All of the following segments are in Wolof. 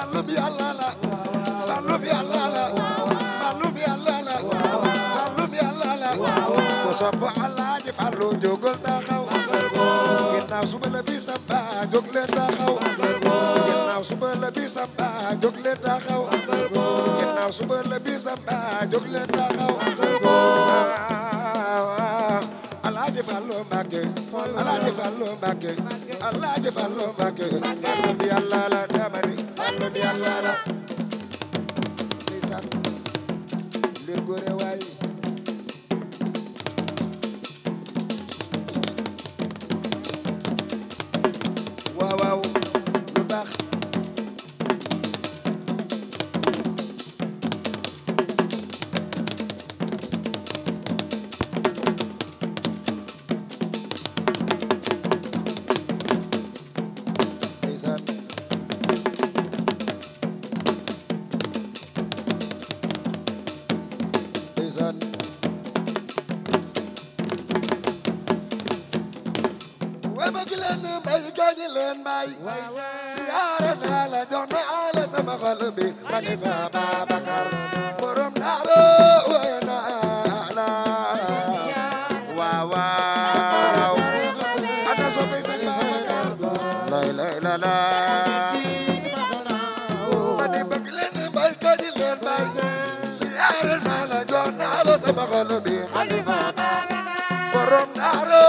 saalum yàlla la saalum yàlla la saalum yàlla la saalum yàlla la ko sopp alaaji Fallu jógal taxaw ginnaaw suba la bi samba jóg leen taxaw ginnaaw suba la bi samba jóg leen taxaw Fallu Mbakke Alaaji Fallu Mbakke Alaaji Fallu Mbakke Fallu bi Yàlla la damani Fallu bi Yàlla la ndeysaan lir gore waay ma bëgg leen mbay gaañi leen mbay siyaara naa la jox naa la sama xol bi xalifa Babacar borom daaro way naa la waaw waaw ana soppe sëñ Babacar lay lay la la ma di bëgg leen mbay gaañi leen mbay siyaara naa la jox naa la sama xol bi xalifa Babacar borom daaro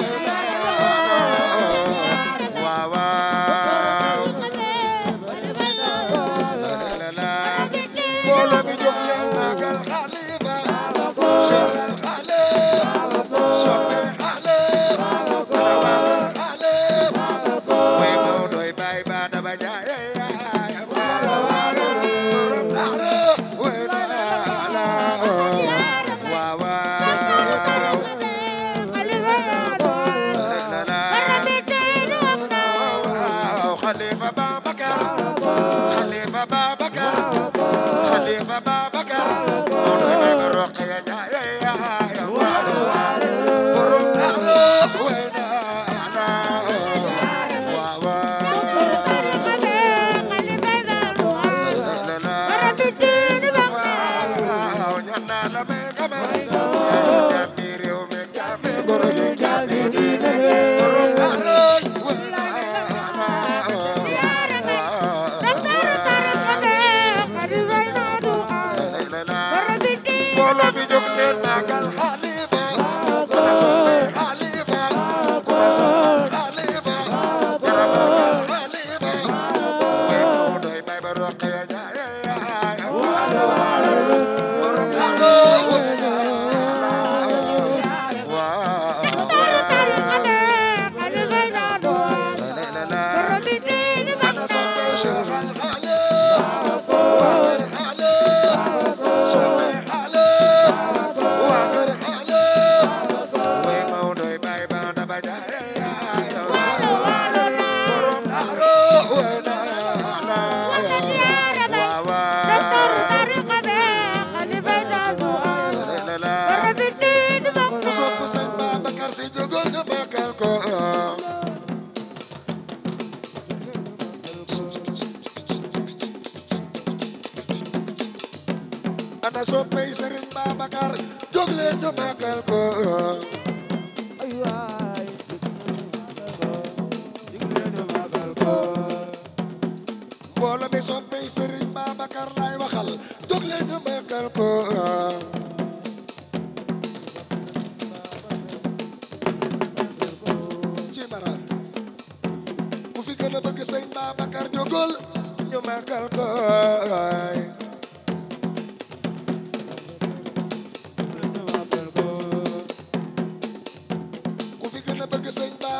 world. du magal ko ay waay dig leen magal ko mbooloo mi soppay Serigne Babacar laay waxal dug leen magal ko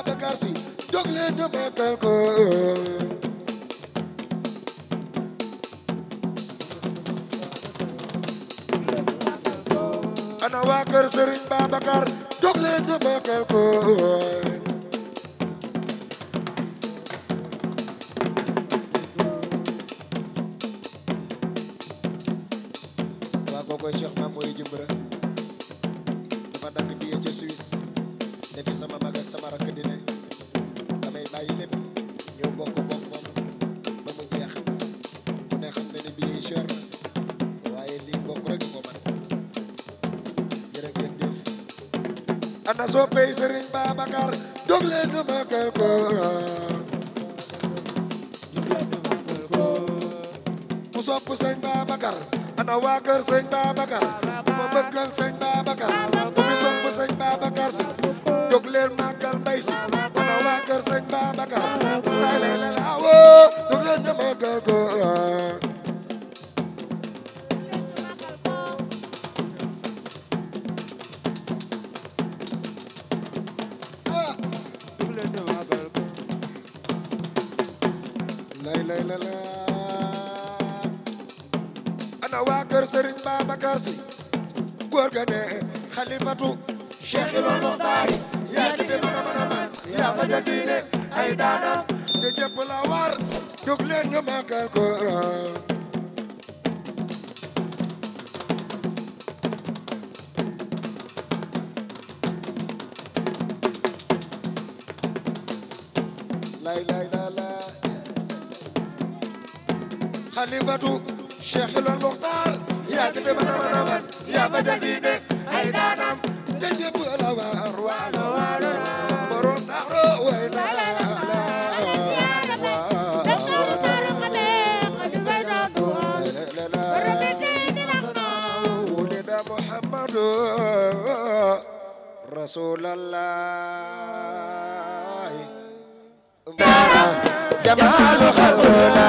Babacar Si jóg leen ñu màggal ko ana waa kër Serigne Babacar jóg leen ñu màggal ko waa kookoy Cheikh Mamour Jimbira dafa dagg di ci Suisse ne fi sama mag ak sama rakk di ne damay bàyyi lépp ñëw bokk koog moom ba mu jeex ku ne xam ne bii cher na waaye lii bokk rek ko man jërë ngeen jëf ana soppey Serigne Babacar jóg leen nu màggal ko ku sopp Serigne Babacar ana waa kër sëñ Babacar ku ma bëggal sëñ Babacar ku fi sopp sëñ Babacar si jóg leen màggal mbay kër sëñ Babacar lay lay la awoo jóg Babacar Si góor ga xalifatu Cheikh Ibra Muxtaar yaa dite mën a mën a man yaa fajal diine ay daana te jëpp la war jóg leen xalifatu Cheikh Ibra Muxtaar yaa di be mana mana man yaa ba ja di de ay daanam jëjë bu la waar waalo waalo borom daaro way la la la رسول الله جمال خلق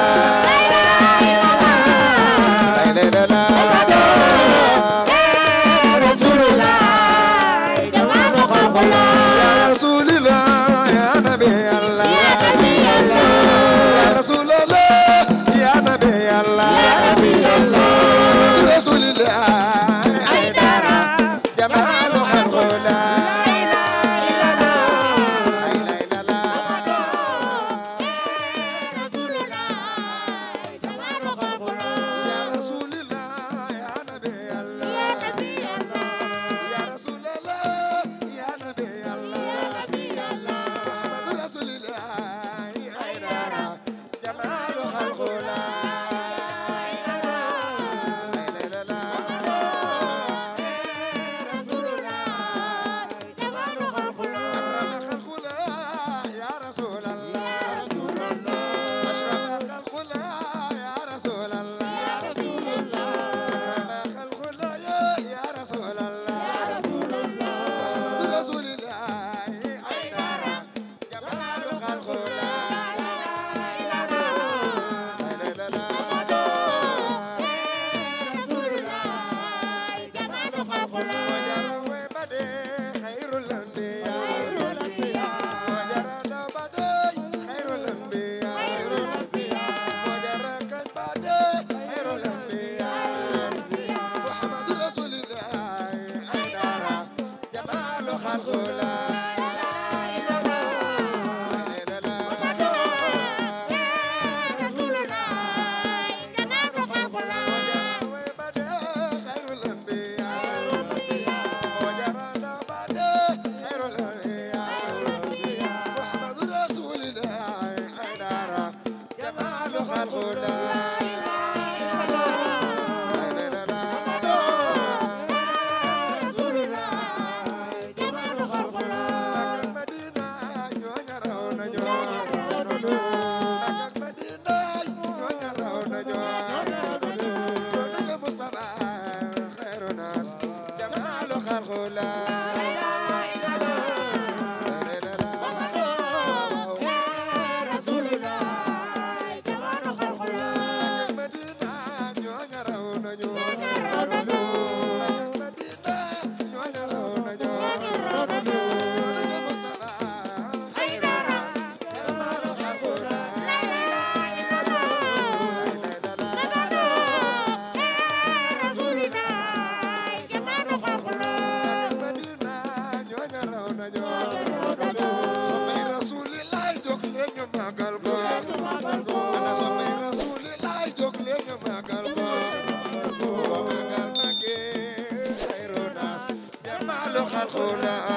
مولاي